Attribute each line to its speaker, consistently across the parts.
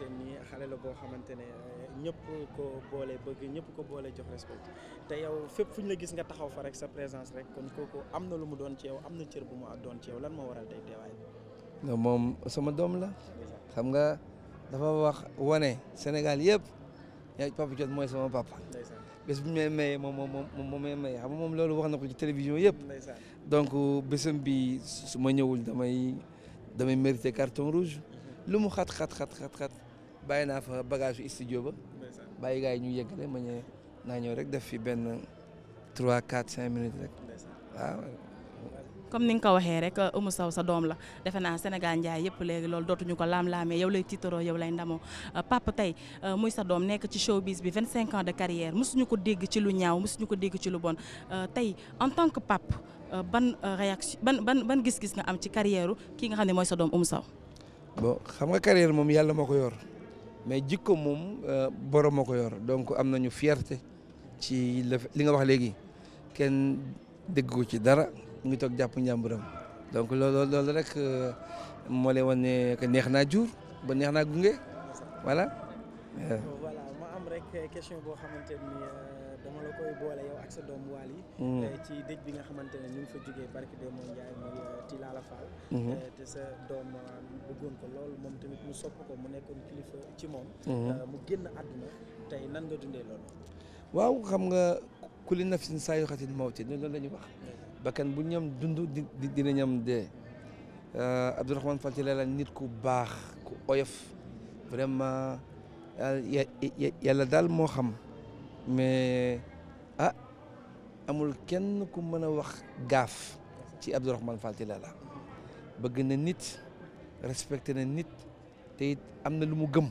Speaker 1: xamante ni xale la boo xamante ne eh, ñëpp ko boole bëgg ñëpp ko boole jox respect te yow fépp fu ñu la gis nga taxaw fa rek sa présence rek kon kooku am na lu mu doon ci yow am na cër bu mu doon ci yow lan moo waral tey teewaay
Speaker 2: non moom sama doom la xam nga dafa wax wane Sénégal yëpp yaa papa jot mooy sama papa bés bu ñu may maye moom moom moom moom may xam moom loolu wax na ko ci télévision yëpp donc bésam bi su ma ñëwul damay damay mérité carton rouge mhm. lu mu xat xat xat bàyyi naa fa bagage yu studio ba. bàyyi gars yi ñu yëggale ma ñëw naa ñëw rek def fi benn trois quatre cinq minutes rek
Speaker 3: ni nga ko waxee rek Oumou Sow sa doom la defe naa Sénégal njaay yëpp léegi loolu dootuñu ko laam-laamee yow lay tiitaroo yow lay ndamoo euh, papa tey euh, muy sa doom nekk ci showbiz bi 25 ans de carrière mosuñu ko dégg ci lu ñaaw mosuñu ko dégg ci lu bon euh, tey en tant que pap ban ban ban ban gis-gis nga am ci carrière ki nga xam ne mooy sa doom Oumou Sow.
Speaker 2: bon xam nga carrière moom yàlla moo ko yor. mais jikko moom euh, borom moo ko yor donc am nañu fierté ci li nga wax léegi kenn dégg ko ci dara mu ngi toog jàpp njàmburam donc loolu loolu rek euh, moo lay wan ne neex naa jur ba neex naa gunge voilà. Euh.
Speaker 1: Eh, question boo xamante ni eh, dama la koy boole yow ak sa doom waal yi. Mm. Eh, ci dëj bi nga xamante ne ñu ngi fa jugee barke Demba Ndiaye muy Tilala Fall. Mm-hmm. te sa doom bëggoon ko lool moom tamit mu sopp ko mu nekkoon kilifa ci moom. Mm-hmm. mu génn àdduna tey nan nga dundee loolu.
Speaker 2: waaw xam nga kulli nafsin saayixatin ci noonu la lañu wax. Mm-hmm. bakkan bu ñam dund di dina ñam dee. Abdourahmane Fall Tilala nit ku baax ku oyof yàlla daal moo xam mais ah amul kenn ku mën a wax gaaf ci Abdourahmane Fall Tilala bëgg na nit respecté na nit te am na lu mu gëm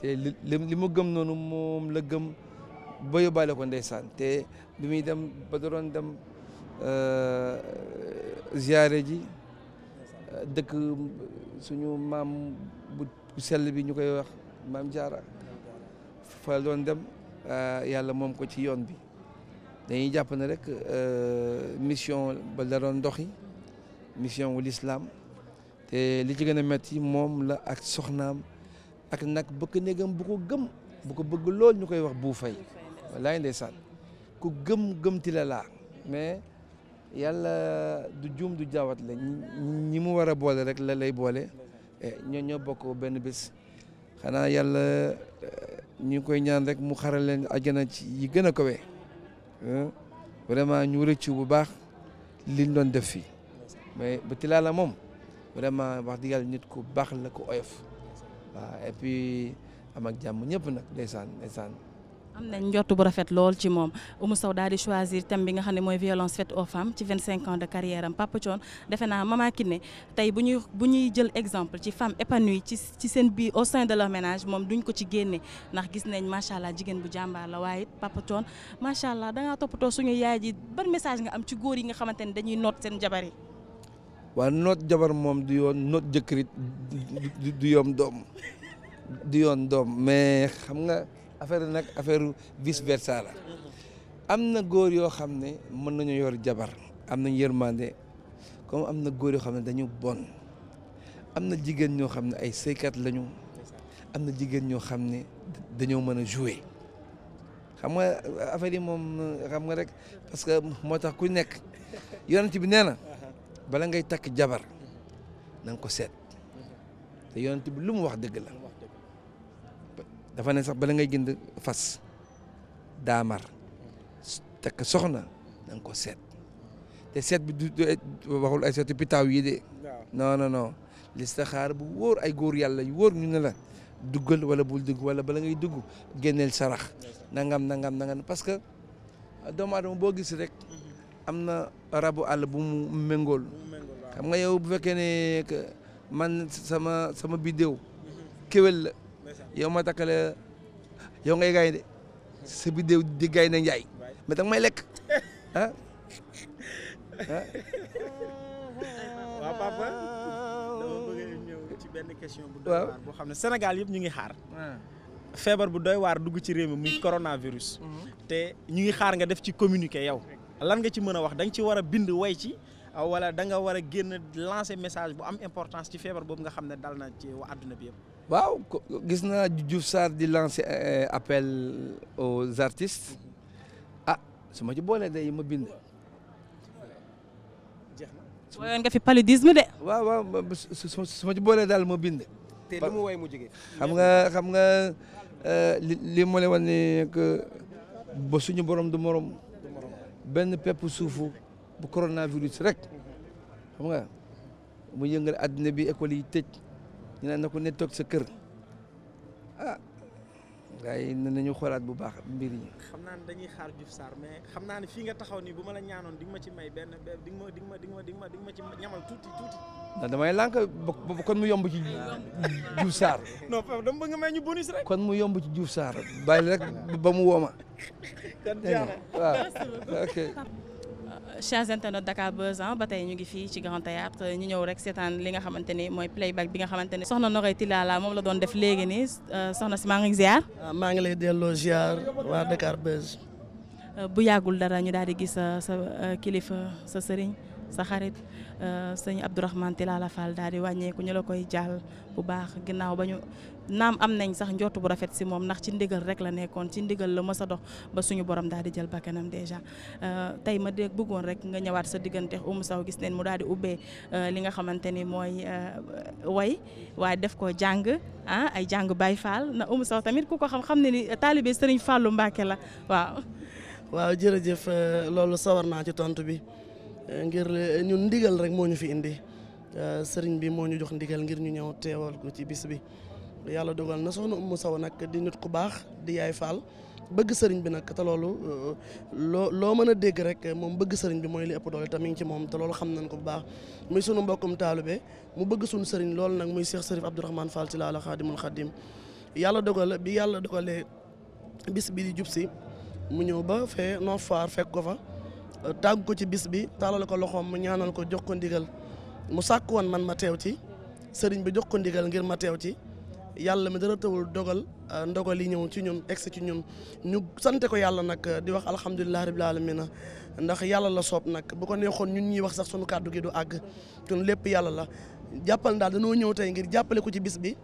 Speaker 2: te li mu gëm noonu moom la gëm ba yóbbaale ko ndeysaan te bi muy dem ba doon dem euh, ziyaare ji dëkk suñu maam bu sell bi ñu koy wax maam jaara fa doon dem eh, yàlla moom ko ci yoon bi dañuy jàpp ne rek eh, mission ba la doon doxi mission wu lislaam te li ci gën a metti moom la ak soxnaam ak nag bëkk néegam bu ko gëm bu ko bëgg lool ñu koy wax bu fay wallaahi ndeysaan ku gëm gëmti la laa mais yàlla du juum du jaawat la ñi mu war a boole rek la lay boole eh, ñoo ñoo bokk benn bés xanaa yàlla eh, ñu ngi koy ñaan rek mu xaral leen àjjana ci yi gën a kawe vraiment ñu rëccu bu baax liñ doon def fii mais ba Tilala moom vraiment wax dëgg yàlla nit ku baax la ko oyof waaw et puis am ak jàmm ñëpp nag ndeysaan ndeysaan
Speaker 3: am nañ njort bu rafet lool ci moom Oumou Sow daal di nga xam ne mooy violence faite aux femmes ci 25 ans de carrière am Papa Thione defe naa Mama Kiné tey bu ñuy jël exemple ci femme épanouie ci ci seen biir au sein de leur ménage moom duñ ko ci génne ndax gis nañ macha allah jigéen bu jàmbaar la waaye it Papa Thione macha allah dangaa toppatoo suñu yaay ji ban message nga am ci góor yi nga xamante ne dañuy noot seen jabar yi.
Speaker 2: waaw noot jabar moom du yoon noot jëkkërit du yoon doom du yoon doom mais xam nga. affaire nag affaire vice versa la am na góor yoo xam ne mën nañu yor jabar am nañu yërmande comme am na góor yoo xam ne dañu bon am na jigéen ñoo xam ne ay sëykat lañu am na jigéen ñoo xam ne dañoo mën a jouer xam nga affaire yi moom xam nga rek parce que moo tax ku nekk yonent bi nee na bala ngay takk jabar na ko set te yonent bi lu mu wax dëgg la dafa ne sax bala ngay jënd fas daamar takk soxna da nga ko seet te seet bi du waxul ay seetu pitaaw yi de. non non non bu wóor ay góor yàlla yu wóor ñu ne la duggal wala bul dugg wala bala ngay dugg génneel sarax nangam nangam nangam parce que doomu aadama boo gis rek mm-hmm. am na rabu àll bu mu méngool nga yow bu fekkee ne man sama sama biddéew mm-hmm. yow ma takk la yow ngay gaynde sa biddéew di gaynde njaay mais danga may lekk ah
Speaker 1: ah. benn question. bu doy boo xam ne Sénégal yëpp ñu ngi xaar. feebar bu doy waar dugg ci réew mi muy coronavirus. Mhm. te ñu ngi xaar nga def ci communiqué yow. lan nga ci mën a wax da nga ci war a bind way ci. wala da nga war a génn lancer message bu am importance ci feebar boobu nga xam ne dal na ci waa bi yëpp.
Speaker 2: waaw gis naa Diouf Sarr di lancer eh, eh, appel aux artistes ah su ma ci boolee day ma bind. woyoon nga fi paludisme de. waaw su ma ci boolee daal ma bind. mu woy xam nga xam nga eh, li li ma suñu borom du morom benn pepp suufu bu coronavirus rek xam nga mu yëngal àddina bi école yi tëj. ñu ne na ko ne toog sa kër ah gars na ne nañu xoolaat bu baax mbir yi. xam
Speaker 1: naa ne dañuy xaar Diouf saar mais xam naa ne fii nga taxaw nii bu ma la ñaanoon di nga ma ci may benn di nga ma di nga di nga ma di nga ci ñamal tuuti tuuti.
Speaker 2: non damay lànk ba kon mu yombu ci Diouf Sarr. non dama bëgg nga may ñu bonus rek. kon mu yomb ci Diouf Sarr bàyyi rek ba mu wooma. ok.
Speaker 3: chers internautes Dakar Buzz ah, ba tey ñu ngi fii ci Grand Théâtre ñu ñëw rek seetaan li nga xamante ni mooy playback bi nga xamante ni soxna Noray Tilala moom la doon def léegi nii euh, soxna si maa ngi ziar.
Speaker 4: Ah, maa ngi lay delloo ziar waa Dakar Buzz.
Speaker 3: Euh, bu yàggul dara ñu daal di gis euh, sa sa kilifa sa sëriñ sa xarit sëñ Abdourahmane Tilala Fall daal di wàññeeku ñu la koy jàll bu baax ginnaaw ba ñu naam am nañ sax njootu bu rafet si moom ndax ci ndigal rek la nekkoon ci ndigal la mës a dox ba suñu borom daal di jël bakkanam dèjà euh, tey ma dégg buggoon rek nga ñëwaat sa diggante Oumou Sow gis neen mu daal di ubbee euh, li nga xamante ni mooy euh, way waaye def ko jàng ah ay jàng Baye Fall na Oumou Sow tamit ku ko xam-xam ne ni taalibe Serigne Fallou mbaake la waaw.
Speaker 4: waaw jërëjëf loolu sawar naa ci tontu bi ngir ñun ndigal rek moo ñu fi indi sëriñ bi moo ñu jox ndigal ngir ñu ñëw teewal bi. yàlla dogal na soxna Oumou Sow nag di nit ku baax di yaay Fall bëgg sëriñ bi nag te loolu euh, loo loo mën a dégg rek moom bëgg sëriñ bi mooy li ëpp doole tamit ci moom te loolu xam nañ ko bu baax muy sunu mbokkum taalibe mu bëgg sunu sëriñ loolu nag muy Cheikh Sërif Abdourahmane Fall ci laala xaadimul xaadim yàlla dogal bi yàlla dogalee bis bi di jub si mu ñëw ba fee Nord Foire fekk ko fa tàgg ko ci bis bi taalal ko loxoom mu ñaanal ko jox ko ndigal mu sàkk woon man ma teew ci sëriñ bi jox ko ndigal ngir ma yàlla mi dara tawul dogal euh, ndogal yi ñëw ci ñun egsi ci ñun ñu sante ko yàlla nag euh, di wax alhamdulilah rabbil alamin ndax yàlla la soob nag bu ko neexoon ñun ñuy wax sax sunu kàddu gi du àgg kon lépp yàlla la jàppal daal dañoo ñëw tey ngir jàppale ko ci bis bi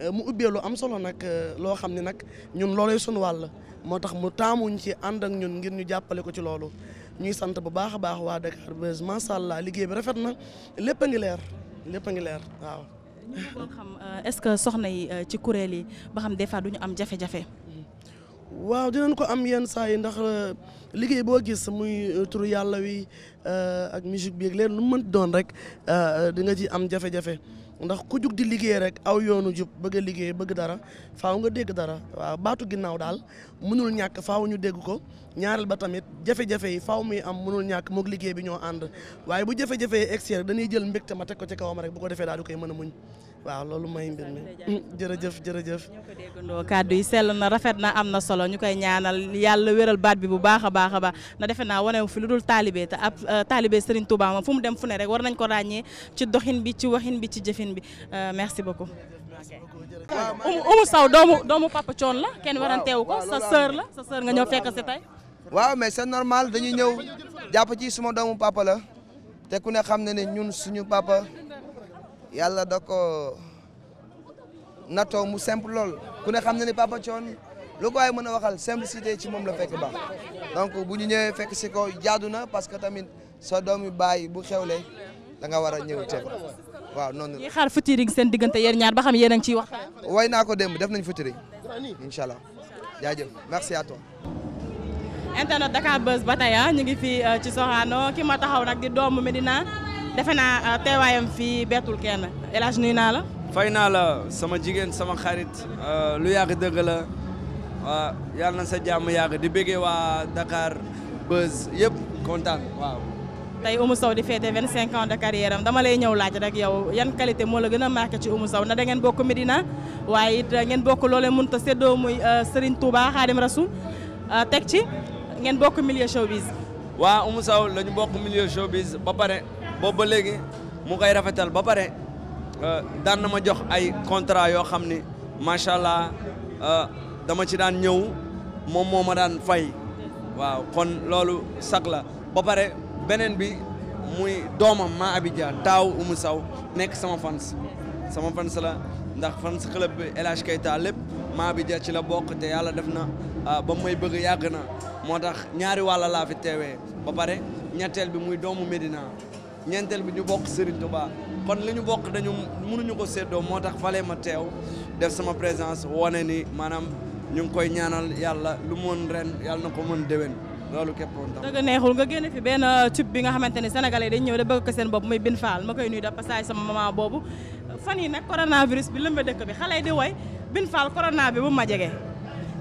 Speaker 4: euh, mu ubbee lu am solo nag loo xam ne nag ñun loolay sunu wàll moo tax mu taamuñ ci ànd ak ñun ngir ñu jàppale ko ci loolu ñuy sant bu baax a baax waa Dakar Buzz macha allah liggéey bi rafet na lépp a ngi leer lépp a ngi leer waaw.
Speaker 3: xam euh, est-ce que soxna yi euh, ci kuréel yi ba xam des fois du ñu am jafe-jafe. waaw dinañ ko am yenn saa yi ndax
Speaker 4: euh, liggéey boo gis muy turu yàlla wi ak musique bi ak leen nu mu mënti doon rek di nga ci am jafe-jafe. ndax ku jug di liggéey rek aw yoonu jub bëgg a liggéey bëgg dara faaw nga dégg dara waaw baatu ginnaaw daal mënul ñàkk faw ñu dégg ko ñaareel ba tamit jafe-jafe yi faaw muy am mënul ñàkk moog liggéey bi ñoo ànd waaye bu jafe-jafe yi extérieur dañuy jël mbégte ma teg ko ci kawam rek bu ko defee daal di koy mën a muñ waaw loolu may mbir mi mm, jërëjëf
Speaker 3: jërëjëf. ñoo ko déggandoo kàddu yi sell na rafet na am na solo ñu koy ñaanal yàlla wéral baat bi bu baax a baax a baax na defe naa wane fi lu dul taalibe te ab euh, taalibe Serigne mu dem fu ne rek war nañ ko ràññee ci bi ci waxin bi ci jëfin commune bi euh, merci beaucoup. Oumou Sow doomu Papa Thione la kenn waranteewu ko sa sœur la sa sœur nga ñëw fekk si tey.
Speaker 4: waaw mais c'est normal dañuy ñëw jàpp ci suma doomu papa la te ku ne xam na ne ñun suñu papa yàlla da ko natoo mu simple lool ku ne xam na ne Papa Thione lu ko waaye mën a waxal simplicité ci moom la fekk baax donc bu ñu ñëwee fekk si ko jaadu na parce que tamit sa doomi baay bu xewle
Speaker 3: da nga war a ñëw teew waaw noonu la ñuy xaar featuring seen diggante yéen ñaar ba xam yéen a ngi ciy waxtaan.
Speaker 4: way naa ko démb def nañ featuring incha allah jaajëf merci à toi.
Speaker 3: internet Dakar Buzz ba tey ah, ñu ngi fii euh, ci Sorano ki ma taxaw nag doom doomu Medina defe naa euh, teewaayam fii bettul kenn El Hadj nuyu naa la.
Speaker 5: fay naa la sama jigéen sama xarit euh, lu yàgg dëgg la na sa jàmm yàgg di bëggee waa Dakar Buzz yëpp kontaan
Speaker 3: tey Oumou Sow di fêté 25 ans de carrière am dama lay ñëw laaj rek yow yan qualité moo la gën a marqué ci Oumou Sow na da ngeen bokk Medina waaye it euh, ngeen bokk loolee mënut a séddoo muy euh, Serigne Touba Khadim Rasoul euh, teg ci ngeen bokk milieu showbiz.
Speaker 5: waa Oumou Sow la ñu bokk milieu showbiz ba pare boobu ba léegi mu koy rafetal ba pare daan na ma jox ay contrat yoo xam ni macha allah dama ci daan ñëw moom moo ma daan fay waaw kon loolu sax la beneen bi muy doomam maa Abidja taaw Oumou saw nekk sama fans sama fans la ndax fans club bi El Hadj Keita lépp maa ci la bokk te yàlla def na ah, ba may bëgg yàgg na moo tax ñaari wàlla laa fi teewee ba pare ñetteel bi muy doomu Medina ñeenteel bi ñu bokk Serigne Touba kon li ñu bokk dañu mënuñu ko seddoo moo tax fale ma teew def sama présence wane ni maanaam ñu ngi koy ñaanal yàlla lu moon ren yàlla na ko mën déwén loolu képp woon tax
Speaker 3: neexul nga génne fi benn tube bi nga xamante ne sénégalais dañ da bëgg ko seen bopp muy bin faal ma koy nuyu da passage sama maman boobu fan yi nag coronavirus bi lëmba dëkk bi xale yi di woy bin faal corona bi bu ma jege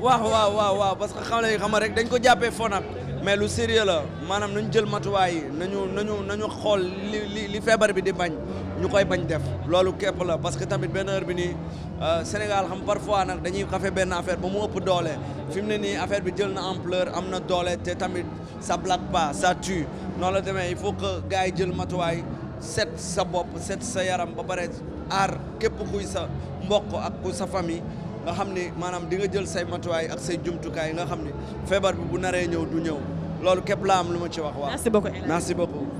Speaker 5: waaw waaw waaw waaw parce que xam nga rek dañ ko jàppee fonap mais lu sérieux la maanaam nañu jël matuwaay yi nañu nañu nañu xool li li feebar bi di bañ ñu koy bañ def loolu képp la parce que tamit benn heure bi nii euh, Sénégal xam parfois nag dañuy xafe benn affaire ba mu ëpp doole fi mu ne nii affaire bi jël na ampleur am na doole te tamit sa blague ba sa tue noo la demee il faut que gars yi jël matuwaay set sa bopp set sa yaram ba bare ar képp kuy sa mbokk ak ku sa famille nga xam ni maanaam di nga jël say matuwaay ak say jumtukaay nga xam ni feebar bi bu naree ñëw du ñëw loolu képp laa am lu ma ci wax waaw merci si merci beaucoup